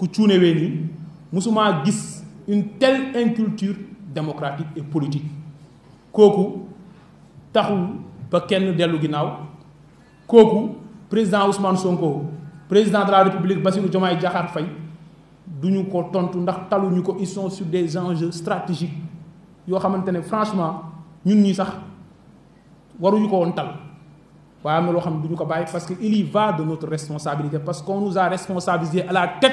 ku cuunewee nous avons gis une telle inculture démocratique et politique Koku, tahu, ba kenn dellu président Ousmane Sonko président de la République Bassirou Diomaye Diakhar Faye duñu ko tontu ndax ils sont sur des enjeux stratégiques Yo xamante franchement nous ñi sax waruñu ko Nous tal parce qu'il y va de notre responsabilité parce qu'on nous a responsabilisés à la tête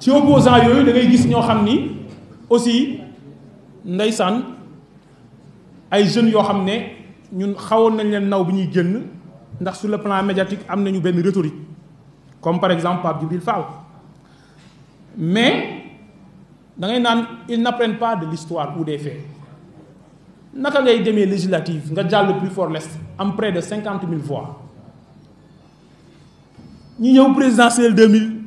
ci opposant yooyu da ngay gis ñoo xam ni aussi ndeysaan ay jeunes yoo xam ne ñun xawoon nañ leen naw bi ñuy génn ndax sur le plan médiatique am nañu benn rhétorique comme par exemple Pape Djibril Fall mais da ngay ils n'apprennent pas de l'histoire ou des faits naka ngay demee législative nga le plus fort l'est am près de 50 000 voix Nous ñëw présidentielle deux mille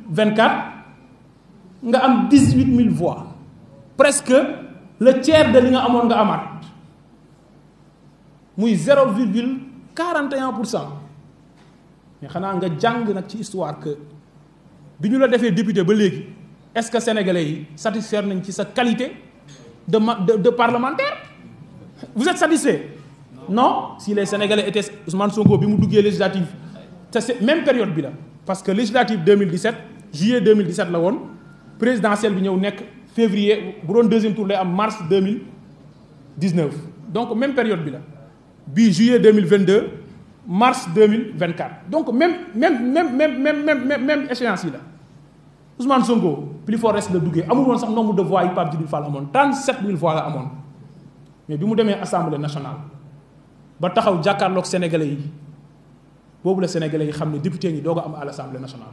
nga am 18 000 voix presque le tiers de li nga amoon nga amaat muy 0,41%. mais xanaa nga jàng ci histoire que bi ñu la defee député ba est-ce que sénégalais yi satisfaire nañ sa qualité de parlementaire vous êtes satisfait non si les sénégalais étaient Ousmane Sonko bi mu duggee même période parce que législatif 2017 juillet 2017 la présidentielle bi ñëw nekk février bu doon deuxième tour lay am mars 2019. donc même période bi la bi juillet 2022, mars 2024. donc même même même même même même même échéance yi la Ousmane Sonko plus fort reste la duggee amul woon sax nombre de voix yi Pape Djibril Fall amone 37000 voix la amone mais bi mu démé assemblée nationale ba taxaw jakarlok sénégalais yi bobu la sénégalais yi xamné député ngi doog am à l'assemblée assemblée nationale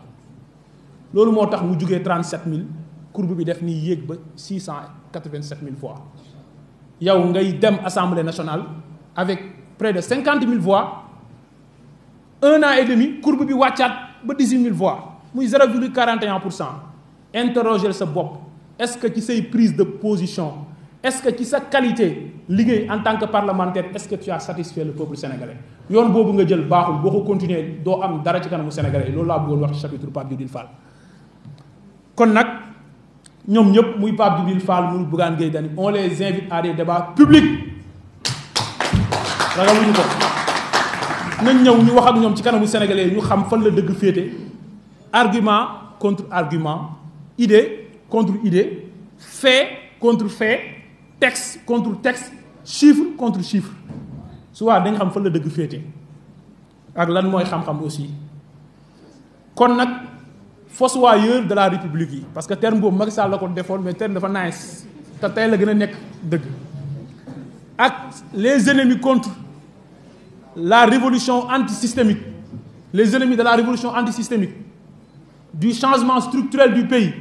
loolu moo tax mu jugee 37000 courbe bi def ni yéeg ba 687000 voix yow ngay dem assemblée nationale avec près de 50 000 voix un an et demi courbe bi wàccaat ba 000 voix muy 0,41 pour cent interroger sa bopp est-ce que ci say prise de position est-ce que ci sa qualité liggéey en tant que parlementaire est-ce que tu as satisfait le peuple sénégalais yoon boobu nga jël baaxul boo ko continuer doo am dara ci kanamu sénégalais loolu laa bëggoon wax ci chapitre Pape Djibril Fall kon nak ñom ñëpp muy Pape Djibril Fall mu Bougane Gueye on les invite à des débats publics ragaluñu ko nañ ñëw ñu wax ak ñom ci kanamu sénégalais ñu xam fan la dëgg fété argument contre argument idée contre idée fait contre fait texte contre texte chiffre contre chiffre souvent dañ xam fan la dëgg fété ak lan moy xam-xam aussi kon nak fossoyeur de la république parce que terme boobu Macky Sall la mais terme dafa nice te tey la gën a ak les ennemis contre la révolution antisystémique les ennemis de la révolution antisystémique du changement structurel du pays